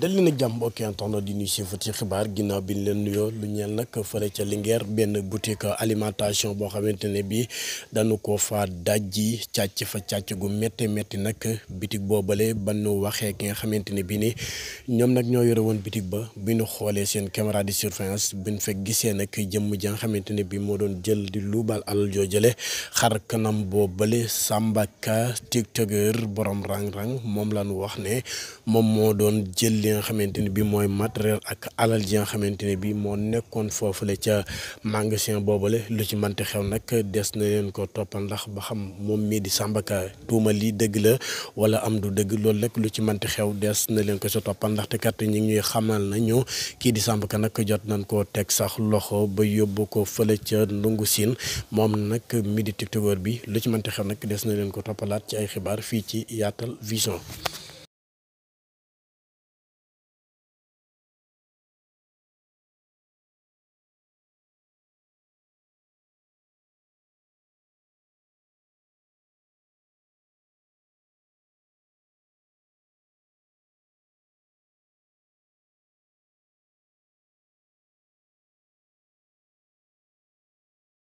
dalli nag jàmm mbokki internet di nuyu sifa ci xibaar ginnaaw bi ñu leen nuyoo lu ñeel nag fële ca Linguère benn boutique alimentation boo xamante ne bi danu ko fa dajji càcc fa càcc gu métti métti nag boo boobale ba nu waxee ki nga xamante ne bi ni ñoom nag ñoo yore woon boutique ba bi ñu xoolee seen caméra de surveillance bi ñu fekk gisee nag jëmm ja nga xamante ne bi moo doon jël di luubal alal joojale xar kanam boo Samba Ka tiktokeur borom rang-rang moom lañu wax ne moom moo doon jël li nga xamante ni bii mooy matériel ak alal ji nga xamante ne bii moo nekkoon foofule ca magasin boobale lu ci mënti xew nag des na leen ko toppal ndax ba xam moom mii di Samba Ka lii dëgg la wala am du dëgg loolu nag lu ci mënti xew des na leen ko sa toppal ndaxte kat ñi ngi ñuy xamal nañu kii di Samba nag jot nañ koo teg sax loxo ba yóbbu ko fële ca ndungu siin moom nag mii di bi lu ci mënti xew nag des na leen ko toppalaat ci ay xibaar fii ci Yaatal Vision